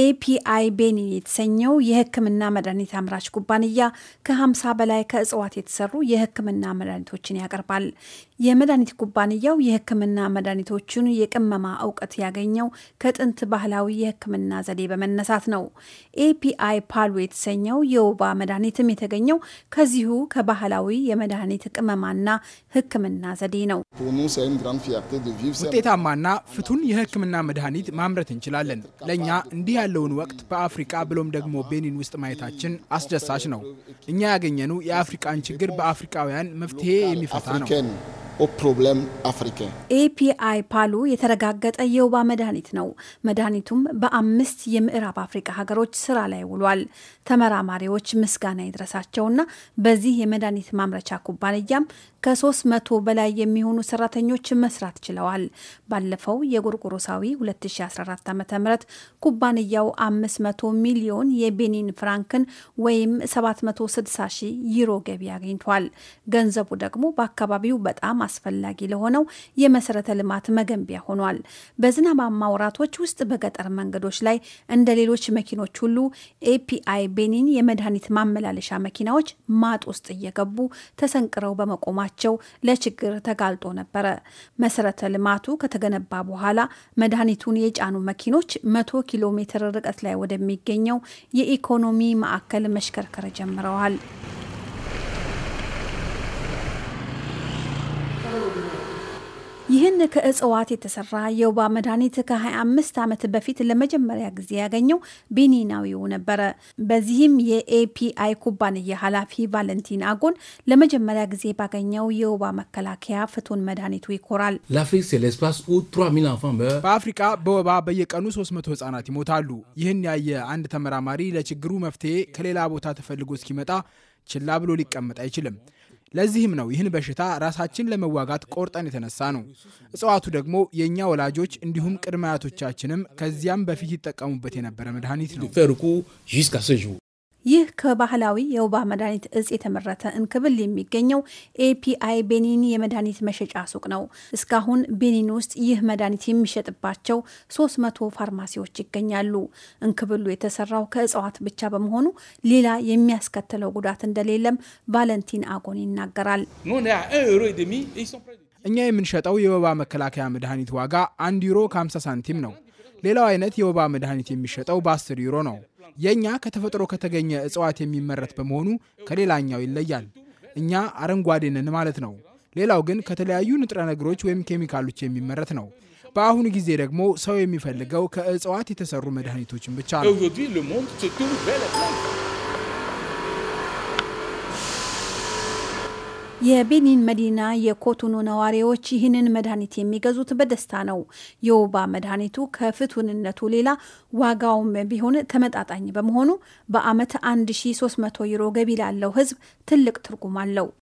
ኤፒአይ ቤኒን የተሰኘው የሕክምና መድኃኒት አምራች ኩባንያ ከ50 በላይ ከእጽዋት የተሰሩ የሕክምና መድኃኒቶችን ያቀርባል። የመድኃኒት ኩባንያው የሕክምና መድኃኒቶቹን የቅመማ እውቀት ያገኘው ከጥንት ባህላዊ የሕክምና ዘዴ በመነሳት ነው። ኤፒአይ ፓሉ የተሰኘው የወባ መድኃኒትም የተገኘው ከዚሁ ከባህላዊ የመድኃኒት ቅመማና ሕክምና ዘዴ ነው። ውጤታማና ፍቱን የሕክምና መድኃኒት ማምረት እንችላለን። ለእኛ እንዲህ ያለውን ወቅት በአፍሪቃ ብሎም ደግሞ ቤኒን ውስጥ ማየታችን አስደሳች ነው። እኛ ያገኘኑ የአፍሪቃን ችግር በአፍሪቃውያን መፍትሄ የሚፈታ ነው። ኤፒአይ ፓሉ የተረጋገጠ የወባ መድኃኒት ነው። መድኃኒቱም በአምስት የምዕራብ አፍሪካ ሀገሮች ስራ ላይ ውሏል። ተመራማሪዎች ምስጋና ይድረሳቸውና በዚህ የመድኃኒት ማምረቻ ኩባንያም ከሶስት መቶ በላይ የሚሆኑ ሰራተኞች መስራት ችለዋል። ባለፈው የጎርጎሮሳዊ 2014 ዓ ም ኩባንያው 500 ሚሊዮን የቤኒን ፍራንክን ወይም 760 ሺህ ዩሮ ገቢ አግኝቷል። ገንዘቡ ደግሞ በአካባቢው በጣም አስፈላጊ ለሆነው የመሰረተ ልማት መገንቢያ ሆኗል። በዝናባማ ወራቶች ውስጥ በገጠር መንገዶች ላይ እንደ ሌሎች መኪኖች ሁሉ ኤፒአይ ቤኒን የመድኃኒት ማመላለሻ መኪናዎች ማጥ ውስጥ እየገቡ ተሰንቅረው በመቆማቸው ለችግር ተጋልጦ ነበረ። መሰረተ ልማቱ ከተገነባ በኋላ መድኃኒቱን የጫኑ መኪኖች መቶ ኪሎ ሜትር ርቀት ላይ ወደሚገኘው የኢኮኖሚ ማዕከል መሽከርከር ጀምረዋል። ይህን ከእጽዋት የተሰራ የውባ መድኃኒት ከ25 ዓመት በፊት ለመጀመሪያ ጊዜ ያገኘው ቤኒናዊው ነበረ። በዚህም የኤፒአይ ኩባንያ ኃላፊ ቫለንቲን አጎን ለመጀመሪያ ጊዜ ባገኘው የውባ መከላከያ ፍቱን መድኃኒቱ ይኮራል። በአፍሪቃ በወባ በየቀኑ 300 ህጻናት ይሞታሉ። ይህን ያየ አንድ ተመራማሪ ለችግሩ መፍትሄ ከሌላ ቦታ ተፈልጎ እስኪመጣ ችላ ብሎ ሊቀመጥ አይችልም። ለዚህም ነው ይህን በሽታ ራሳችን ለመዋጋት ቆርጠን የተነሳ ነው። እጽዋቱ ደግሞ የእኛ ወላጆች እንዲሁም ቅድመ አያቶቻችንም ከዚያም በፊት ይጠቀሙበት የነበረ መድኃኒት ነው። ይህ ከባህላዊ የወባ መድኃኒት እጽ የተመረተ እንክብል የሚገኘው ኤፒአይ ቤኒን የመድኃኒት መሸጫ ሱቅ ነው። እስካሁን ቤኒን ውስጥ ይህ መድኃኒት የሚሸጥባቸው 300 ፋርማሲዎች ይገኛሉ። እንክብሉ የተሰራው ከእጽዋት ብቻ በመሆኑ ሌላ የሚያስከትለው ጉዳት እንደሌለም ቫለንቲን አጎን ይናገራል። እኛ የምንሸጠው የወባ መከላከያ መድኃኒት ዋጋ አንድ ዩሮ ከ50 ሳንቲም ነው። ሌላው አይነት የወባ መድኃኒት የሚሸጠው በ10 ዩሮ ነው። የእኛ ከተፈጥሮ ከተገኘ እጽዋት የሚመረት በመሆኑ ከሌላኛው ይለያል። እኛ አረንጓዴንን ማለት ነው። ሌላው ግን ከተለያዩ ንጥረ ነገሮች ወይም ኬሚካሎች የሚመረት ነው። በአሁኑ ጊዜ ደግሞ ሰው የሚፈልገው ከእጽዋት የተሰሩ መድኃኒቶችን ብቻ ነው። የቤኒን መዲና የኮቶኑ ነዋሪዎች ይህንን መድኃኒት የሚገዙት በደስታ ነው። የወባ መድኃኒቱ ከፍቱንነቱ ሌላ ዋጋውም ቢሆን ተመጣጣኝ በመሆኑ በዓመት 1300 ዩሮ ገቢ ላለው ሕዝብ ትልቅ ትርጉም አለው።